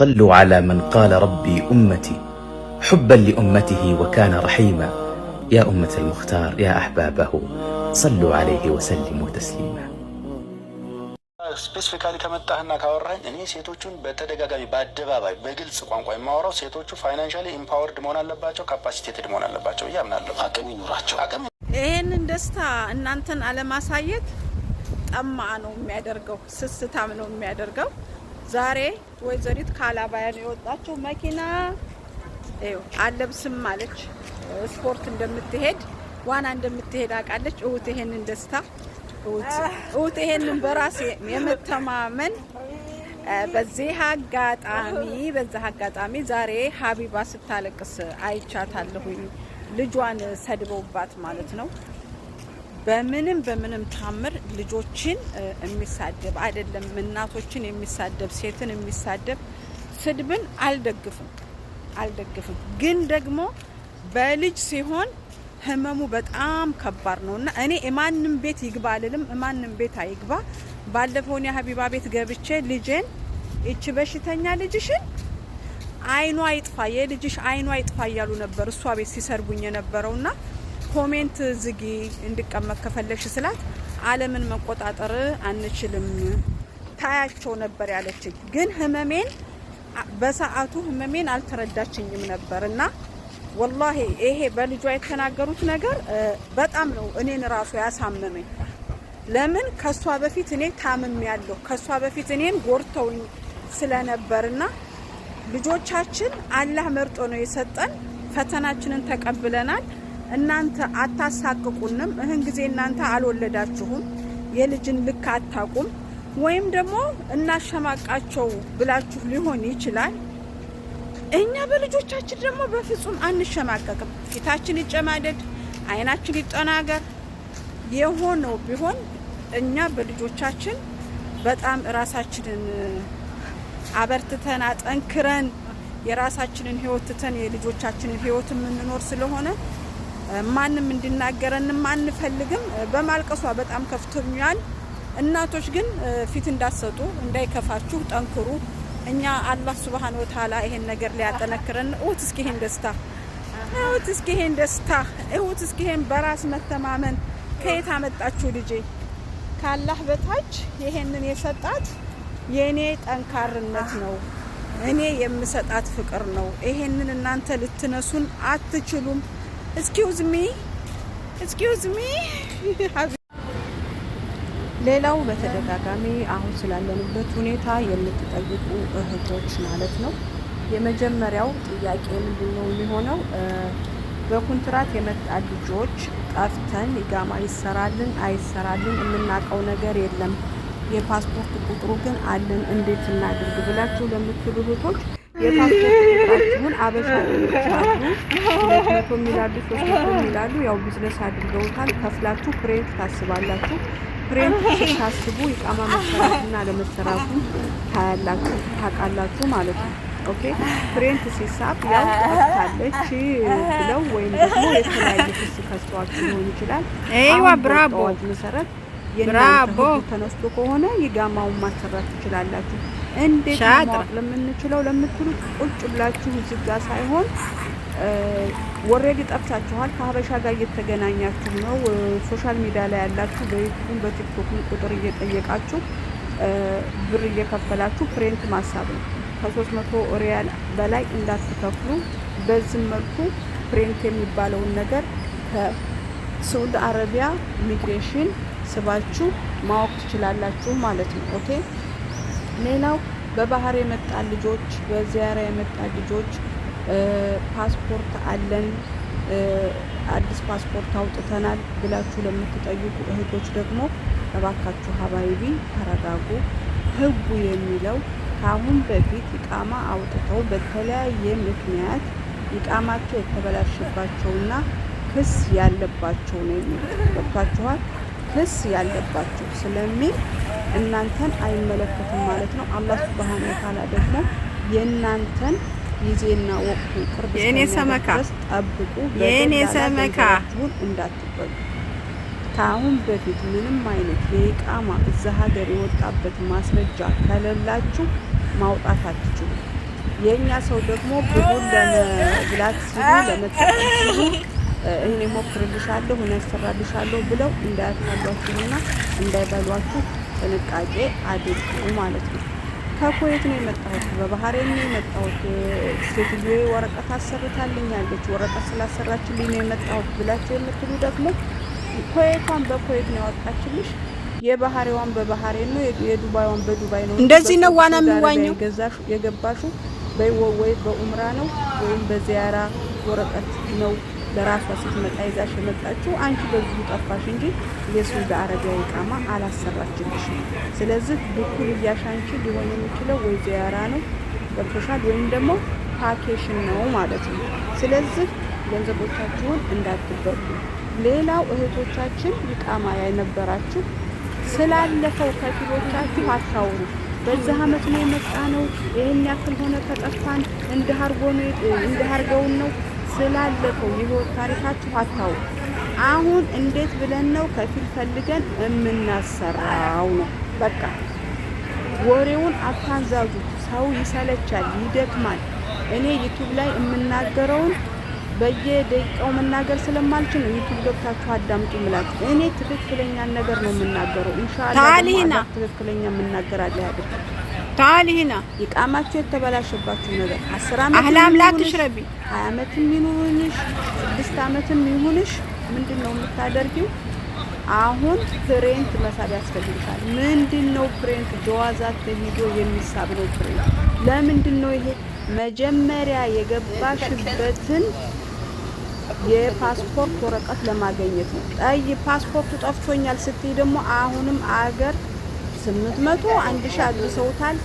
صلوا على من قال ربي أمتي حبا لأمته وكان رحيما يا أمة المختار يا أحبابه صلوا عليه وسلموا تسليما ስፔሲፊካሊ ከመጣህና ካወራኝ እኔ ሴቶቹን በተደጋጋሚ በአደባባይ በግልጽ ቋንቋ የማወራው ሴቶቹ ፋይናንሻሊ ኢምፓወርድ መሆን አለባቸው፣ ካፓሲቴትድ መሆን አለባቸው እያምናለሁ። አቅም ይኑራቸው። አቅም ይሄንን ደስታ እናንተን አለማሳየት ጠማዕ ነው የሚያደርገው፣ ስስታም ነው የሚያደርገው። ዛሬ ወይዘሪት ከአላባያ ነው የወጣቸው። መኪና አለብስም አለች። ስፖርት እንደምትሄድ ዋና እንደምትሄድ አውቃለች። እውት ይሄንን ደስታ እውት ይሄንን በራሴ የመተማመን በዚህ አጋጣሚ በዚህ አጋጣሚ ዛሬ ሀቢባ ስታለቅስ አይቻታለሁኝ። ልጇን ሰድበውባት ማለት ነው። በምንም በምንም ታምር ልጆችን የሚሳደብ አይደለም፣ እናቶችን የሚሳደብ ሴትን የሚሳደብ ስድብን አልደግፍም አልደግፍም። ግን ደግሞ በልጅ ሲሆን ህመሙ በጣም ከባድ ነው እና እኔ የማንም ቤት ይግባ አልልም፣ የማንም ቤት አይግባ። ባለፈውን የሀቢባ ቤት ገብቼ ልጄን ይቺ በሽተኛ ልጅሽን አይኗ ይጥፋ የልጅሽ አይኗ ይጥፋ እያሉ ነበር እሷ ቤት ሲሰርጉኝ የነበረውና ኮሜንት ዝጊ እንድቀመጥ ከፈለግሽ ስላት ዓለምን መቆጣጠር አንችልም ታያቸው ነበር ያለችኝ። ግን ህመሜን በሰዓቱ ህመሜን አልተረዳችኝም ነበር እና ወላሂ ይሄ በልጇ የተናገሩት ነገር በጣም ነው እኔን ራሱ ያሳመመኝ። ለምን ከሷ በፊት እኔ ታምም ያለሁ ከሷ በፊት እኔን ጎርተውኝ ስለነበርና ልጆቻችን አላህ መርጦ ነው የሰጠን። ፈተናችንን ተቀብለናል። እናንተ አታሳቅቁንም። እህን ጊዜ እናንተ አልወለዳችሁም፣ የልጅን ልክ አታቁም፣ ወይም ደግሞ እናሸማቃቸው ብላችሁ ሊሆን ይችላል። እኛ በልጆቻችን ደግሞ በፍጹም አንሸማቀቅም። ፊታችን ይጨማደድ፣ አይናችን ይጠናገር፣ የሆነው ቢሆን እኛ በልጆቻችን በጣም ራሳችንን አበርትተን አጠንክረን የራሳችንን ህይወትተን ትተን የልጆቻችንን ህይወት የምንኖር ስለሆነ ማንም እንዲናገረንም አንፈልግም። በማልቀሷ በጣም ከፍቶኛል። እናቶች ግን ፊት እንዳትሰጡ፣ እንዳይከፋችሁ፣ ጠንክሩ። እኛ አላህ ሱብሃነ ወተዓላ ይሄን ነገር ሊያጠነክረን። እሁት እስኪ ይሄን ደስታ እሁት እስኪ ይሄን ደስታ እሁት እስኪ ይሄን በራስ መተማመን ከየት አመጣችሁ ልጄ? ካላህ በታች ይሄንን የሰጣት የኔ ጠንካርነት ነው። እኔ የምሰጣት ፍቅር ነው። ይሄንን እናንተ ልትነሱን አትችሉም። ኤክስኪውዝ ሚ ኤክስኪውዝ ሚ። ሌላው በተደጋጋሚ አሁን ስላለንበት ሁኔታ የምትጠይቁ እህቶች ማለት ነው። የመጀመሪያው ጥያቄ ምንድን ነው የሚሆነው? በኮንትራት የመጣ ልጆች ጠፍተን ኢጋማ ይሰራልን አይሰራልን የምናውቀው ነገር የለም፣ የፓስፖርት ቁጥሩ ግን አለን፣ እንዴት እናድርግ ብላችሁ ለምትሉ እህቶች የፓስፖርታችሁን አበሻ ሁለት መቶ የሚላሉ ሶስት መቶ የሚላሉ ያው ቢዝነስ አድርገውታል። ከፍላችሁ ፕሬንት ታስባላችሁ። ፕሬንት ስታስቡ ኢቃማ መሰራትና ለመሰራቱ ታያላችሁ፣ ታውቃላችሁ ማለት ነው። ኦኬ ፕሬንት ሲሳብ ያው ታለች ብለው ወይም ደግሞ የተለያዩ ክስ ከስተዋችሁ ሊሆን ይችላል። ይዋ ብራቦ መሰረት የእናንተ ተነስቶ ከሆነ የጋማውን ማሰራት ትችላላችሁ። እንዴት ማወቅ ለምንችለው ለምትሉት ቁጭ ብላችሁ እዚህ ሳይሆን ወሬድ ጠፍታችኋል። ከሀበሻ ጋር እየተገናኛችሁ ነው። ሶሻል ሚዲያ ላይ ያላችሁ በዩቱብ በቲክቶክም ቁጥር እየጠየቃችሁ ብር እየከፈላችሁ ፕሪንት ማሳብ ነው። ከሶስት መቶ ሪያል በላይ እንዳትከፍሉ። በዚህም መልኩ ፕሪንት የሚባለውን ነገር ከሳዑዲ አረቢያ ኢሚግሬሽን ስባችሁ ማወቅ ትችላላችሁ ማለት ነው። ኦኬ ሌላው በባህር የመጣ ልጆች፣ በዚያራ የመጣ ልጆች ፓስፖርት አለን አዲስ ፓስፖርት አውጥተናል ብላችሁ ለምትጠይቁ እህቶች ደግሞ እባካችሁ ሀባይቢ ተረጋጉ። ህጉ የሚለው ከአሁን በፊት ይቃማ አውጥተው በተለያየ ምክንያት ይቃማቸው የተበላሸባቸውና ክስ ያለባቸው ነው የሚለው ገብቷችኋል። ክስ ያለባቸው ስለሚል እናንተን አይመለከትም ማለት ነው። አላህ ሱብሃነ ወተዓላ ደግሞ የእናንተን ጊዜና ወቅቱን ቅርብ የኔ ሰመካ ጠብቁ። የኔ ሰመካ እንዳትበሉ። ከአሁን በፊት ምንም አይነት የኢቃማ እዛ ሀገር የወጣበት ማስረጃ ከሌላችሁ ማውጣት አትችሉ። የእኛ ሰው ደግሞ ብሩን ለመብላት ሲሉ ለመጠቀም ሲሉ እኔ ሞክርልሻለሁ፣ እኔ ያሰራልሻለሁ ብለው እንዳያታሏችሁና እንዳይበሏችሁ ጥንቃቄ አድርጉ ማለት ነው። ከኩዌት ነው የመጣሁት፣ በባህሬን ነው የመጣሁት። ሴትዮ ወረቀት አሰርታልኛለች፣ ወረቀት ስላሰራችልኝ ነው የመጣሁት ብላቸው የምትሉ ደግሞ ኩዌቷን በኩዌት ነው ያወጣችልሽ፣ የባህሬዋን በባህሬን ነው፣ የዱባይዋን በዱባይ ነው። እንደዚህ ነው ዋና የሚዋኘው። የገባሹ በወይ በኡምራ ነው ወይም በዚያራ ወረቀት ነው ለራሷ ስትመጣ ይዛሽ የመጣችው አንቺ በዚሁ ጠፋሽ እንጂ የሱድ አረቢያ ኢቃማ አላሰራችልሽ። ስለዚህ ብኩል እያሻንቺ ሊሆን የሚችለው ወይ ዚያራ ነው ገብቶሻል፣ ወይም ደግሞ ፓኬሽን ነው ማለት ነው። ስለዚህ ገንዘቦቻችሁን እንዳትበሉ። ሌላው እህቶቻችን ይቃማ ያነበራችሁ ስላለፈው ከፊሎቻችሁ አታውሩ። በዚህ አመት ነው የመጣ ነው ይህን ያክል ሆነ ተጠፋን፣ እንደ እንደ ሀርገውን ነው ስላለፈው የህይወት ታሪካችሁ አታው። አሁን እንዴት ብለን ነው ከፊል ፈልገን የምናሰራው ነው። በቃ ወሬውን አታንዛዙት። ሰው ይሰለቻል፣ ይደክማል። እኔ ዩቱብ ላይ የምናገረውን በየደቂቃው መናገር ስለማልችል ነው ዩቱብ ገብታችሁ አዳምጡ ምላት እኔ ትክክለኛ ነገር ነው የምናገረው። ኢንሻአላህ ትክክለኛ የምናገራለ አለ ታል ይሄና ይቃማችሁ የተበላሸባችሁ ነገር 10 አመት አህላም ላክሽ ረቢ 20 አመትም ይኑርሽ 6 አመትም ይሁንሽ ምንድን ነው የምታደርጊው? አሁን ፕሬንት መሳብ ያስፈልጋል። ምንድን ነው ፕሬንት? ጀዋዛት ሂዶ የሚሳብ ነው ፕሬንት። ለምንድን ነው ይሄ? መጀመሪያ የገባሽበትን የፓስፖርት ወረቀት ለማገኘት ነው። ጠይ ፓስፖርቱ ጠፍቶኛል ስትይ ደግሞ አሁንም አገር ስምንት መቶ አንድ ሺ አድርሰውታል።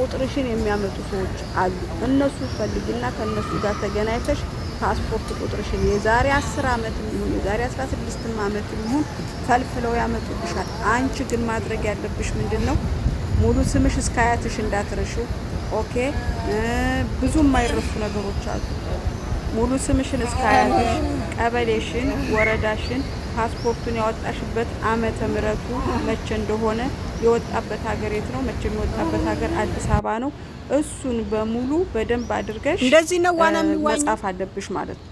ቁጥርሽን የሚያመጡ ሰዎች አሉ። እነሱ ፈልግና ከእነሱ ጋር ተገናኝተሽ ፓስፖርት ቁጥርሽን የዛሬ አስር አመት ይሁን የዛሬ አስራ ስድስትም አመት ይሁን ፈልፍለው ያመጡብሻል። አንቺ ግን ማድረግ ያለብሽ ምንድን ነው? ሙሉ ስምሽ እስከ አያትሽ እንዳትረሽው ኦኬ። ብዙ የማይረሱ ነገሮች አሉ። ሙሉ ስምሽን እስከ አያትሽ፣ ቀበሌሽን፣ ወረዳሽን ፓስፖርቱን ያወጣሽበት አመተ ምረቱ መቼ እንደሆነ የወጣበት ሀገር የት ነው? መቼም የወጣበት ሀገር አዲስ አበባ ነው። እሱን በሙሉ በደንብ አድርገሽ እንደዚህ ነው ዋና መጻፍ አለብሽ ማለት ነው።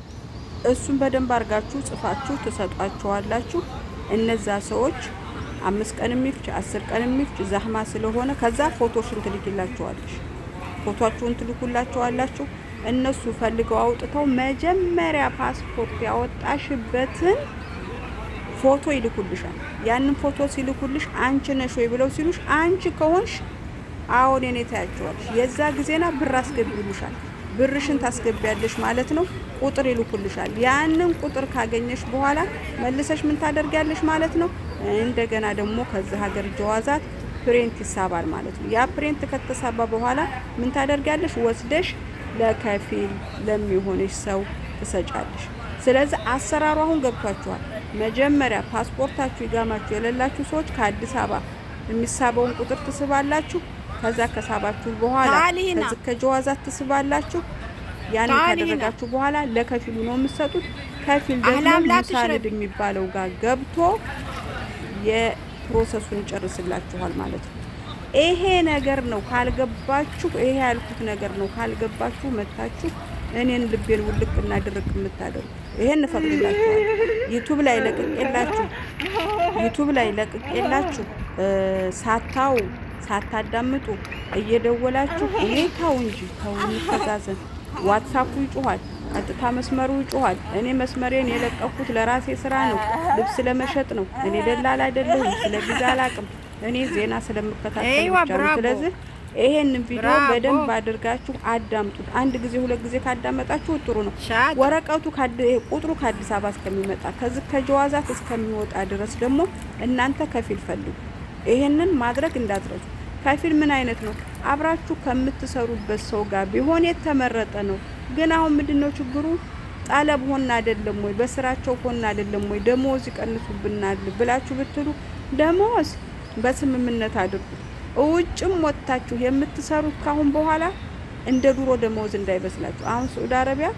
እሱን በደንብ አድርጋችሁ ጽፋችሁ ትሰጧቸዋላችሁ። እነዛ ሰዎች አምስት ቀን የሚፍች አስር ቀን የሚፍች ዛህማ ስለሆነ ከዛ ፎቶሽን ትልኪላችኋለሽ። ፎቶችሁን ትልኩላችኋላችሁ። እነሱ ፈልገው አውጥተው መጀመሪያ ፓስፖርት ያወጣሽበትን ፎቶ ይልኩልሻል። ያንን ፎቶ ሲልኩልሽ አንቺ ነሽ ወይ ብለው ሲሉሽ አንቺ ከሆንሽ አሁን የኔ ታያቸዋለሽ። የዛ ጊዜና ብር አስገቢልሻል። ብርሽን ታስገቢያለሽ ማለት ነው። ቁጥር ይልኩልሻል። ያንን ቁጥር ካገኘሽ በኋላ መልሰሽ ምን ታደርጊያለሽ ማለት ነው። እንደገና ደግሞ ከዚህ ሀገር ጀዋዛት ፕሪንት ይሳባል ማለት ነው። ያ ፕሪንት ከተሳባ በኋላ ምን ታደርጊያለሽ? ወስደሽ ለከፊል ለሚሆንሽ ሰው ትሰጫለሽ። ስለዚህ አሰራሩ አሁን ገብቷችኋል። መጀመሪያ ፓስፖርታችሁ ይጋማችሁ የሌላችሁ ሰዎች ከአዲስ አበባ የሚሳበውን ቁጥር ትስባላችሁ። ከዛ ከሳባችሁ በኋላ ከጀዋዛት ትስባላችሁ። ያን ካደረጋችሁ በኋላ ለከፊሉ ነው የምትሰጡት። ከፊል ደግሞ ሙሳልድ የሚባለው ጋር ገብቶ የፕሮሰሱን ይጨርስላችኋል ማለት ነው። ይሄ ነገር ነው ካልገባችሁ፣ ይሄ ያልኩት ነገር ነው ካልገባችሁ መታችሁ እኔን ልቤን ውልቅ እና ድርቅ የምታደርጉ ይሄን እፈቅድላችኋል። ዩቱብ ላይ ለቅቄላችሁ ዩቱብ ላይ ለቅቄላችሁ ሳታው ሳታዳምጡ እየደወላችሁ እኔ ታው እንጂ ተው እንተዛዘን። ዋትሳፑ ይጮኋል፣ ቀጥታ መስመሩ ይጮኋል። እኔ መስመሬን የለቀኩት ለራሴ ስራ ነው፣ ልብስ ለመሸጥ ነው። እኔ ደላላ አይደለሁም፣ ስለ ቪዛ አላቅም። እኔ ዜና ስለምከታተል ብቻ ነው። ስለዚህ ይሄን ቪዲዮ በደንብ አድርጋችሁ አዳምጡት። አንድ ጊዜ ሁለት ጊዜ ካዳመጣችሁ ጥሩ ነው። ወረቀቱ ቁጥሩ ከአዲስ አበባ እስከሚመጣ ከዚህ ከጀዋዛት እስከሚወጣ ድረስ ደግሞ እናንተ ከፊል ፈልጉ። ይሄንን ማድረግ እንዳትረሱ። ከፊል ምን አይነት ነው? አብራችሁ ከምትሰሩበት ሰው ጋር ቢሆን የተመረጠ ነው። ግን አሁን ምንድነው ችግሩ? ጣለብ ሆና አይደለም ወይ በስራቸው ሆና አይደለም ወይ ደሞዝ ይቀንሱብናል ብላችሁ ብትሉ ደሞዝ በስምምነት አድርጉት። ውጭም ወጥታችሁ የምትሰሩት ካሁን በኋላ እንደ ድሮ ደመወዝ እንዳይመስላችሁ። አሁን ሳዑዲ አረቢያ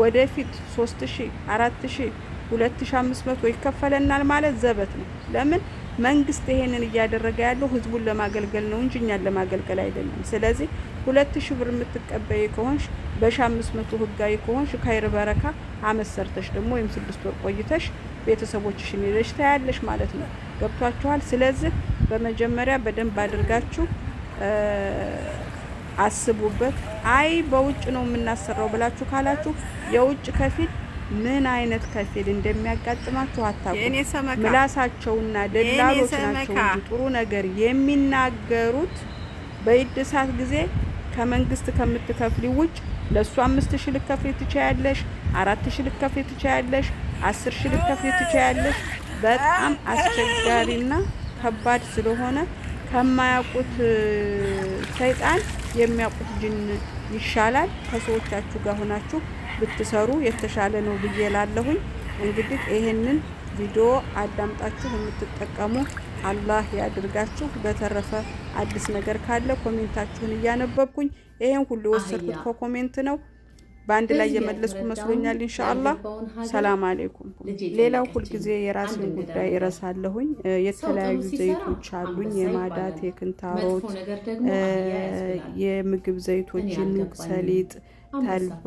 ወደፊት ሶስት ሺ አራት ሺ ሁለት ሺ አምስት መቶ ይከፈለናል ማለት ዘበት ነው። ለምን መንግስት ይሄንን እያደረገ ያለው ህዝቡን ለማገልገል ነው እንጂ እኛን ለማገልገል አይደለም። ስለዚህ ሁለት ሺ ብር የምትቀበይ ከሆንሽ በሺ አምስት መቶ ህጋዊ ከሆንሽ ከይር በረካ አመሰርተሽ ደግሞ ወይም ስድስት ወር ቆይተሽ ቤተሰቦችሽን ይዘሽ ታያለሽ ማለት ነው። ገብቷችኋል? ስለዚህ በመጀመሪያ በደንብ አድርጋችሁ አስቡበት። አይ በውጭ ነው የምናሰራው ብላችሁ ካላችሁ የውጭ ከፊል ምን አይነት ከፊል እንደሚያጋጥማችሁ አታውቁም። ምላሳቸውና ደላሎች ናቸው ጥሩ ነገር የሚናገሩት በኢድሳት ጊዜ ከመንግስት ከምትከፍሊ ውጭ ለእሱ አምስት ሺህ ልከፍል ትችያለሽ፣ አራት ሺህ ልከፍል ትችያለሽ አስር ሺህ ልከፍዪ ትችያለሽ። በጣም አስቸጋሪና ከባድ ስለሆነ ከማያውቁት ሰይጣን የሚያውቁት ጅን ይሻላል። ከሰዎቻችሁ ጋር ሆናችሁ ብትሰሩ የተሻለ ነው ብዬ ላለሁኝ። እንግዲህ ይሄንን ቪዲዮ አዳምጣችሁ የምትጠቀሙ አላህ ያድርጋችሁ። በተረፈ አዲስ ነገር ካለ ኮሜንታችሁን እያነበብኩኝ ይሄን ሁሉ የወሰድኩት ከኮሜንት ነው። በአንድ ላይ የመለስኩ መስሎኛል። ኢንሻአላህ ሰላም አሌይኩም። ሌላው ሁልጊዜ የራስን ጉዳይ እረሳለሁኝ። የተለያዩ ዘይቶች አሉኝ፣ የማዳት፣ የክንታሮት፣ የምግብ ዘይቶች፣ የኑግ ሰሊጥ ተልባ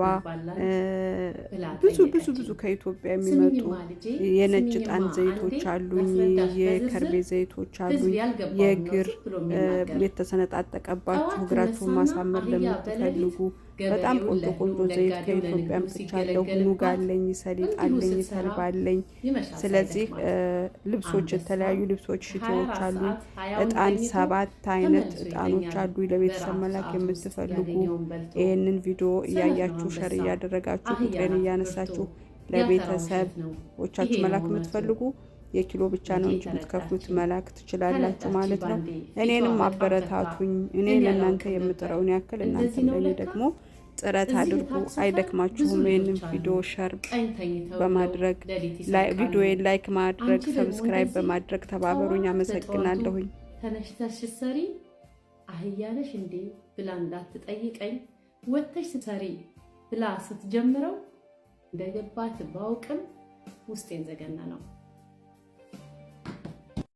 ብዙ ብዙ ብዙ ከኢትዮጵያ የሚመጡ የነጭ ጣን ዘይቶች አሉኝ፣ የከርቤ ዘይቶች አሉኝ። የእግር የተሰነጣጠቀባችሁ እግራችሁን ማሳመር ለምትፈልጉ በጣም ቆንጆ ቆንጆ ዘይት ከኢትዮጵያ ምጥቻለሁ። ኑግ አለኝ፣ ሰሊጥ አለኝ፣ ተልባ አለኝ። ስለዚህ ልብሶች፣ የተለያዩ ልብሶች፣ ሽቶዎች አሉ። እጣን ሰባት አይነት እጣኖች አሉ። ለቤተሰብ መላክ የምትፈልጉ ይህንን ቪዲዮ እያያችሁ ሸር እያደረጋችሁ ፍቅሬን እያነሳችሁ ለቤተሰቦቻችሁ መላክ የምትፈልጉ የኪሎ ብቻ ነው እንጂ ብትከፍሉት መላክ ትችላላችሁ ማለት ነው። እኔንም አበረታቱኝ። እኔ ለእናንተ የምጥረውን ያክል እናንተ ለእኔ ደግሞ ጥረት አድርጉ። አይደክማችሁም። ይህንን ቪዲዮ ሸር በማድረግ ቪዲዮዬን ላይክ ማድረግ፣ ሰብስክራይብ በማድረግ ተባበሩኝ። አመሰግናለሁኝ። ተነሽተሽ ሰሪ አህያነሽ እንዴ ብላ እንዳትጠይቀኝ ወጥተሽ ሰሪ ብላ ስትጀምረው እንደገባት ባውቅም ውስጤን ዘገና ነው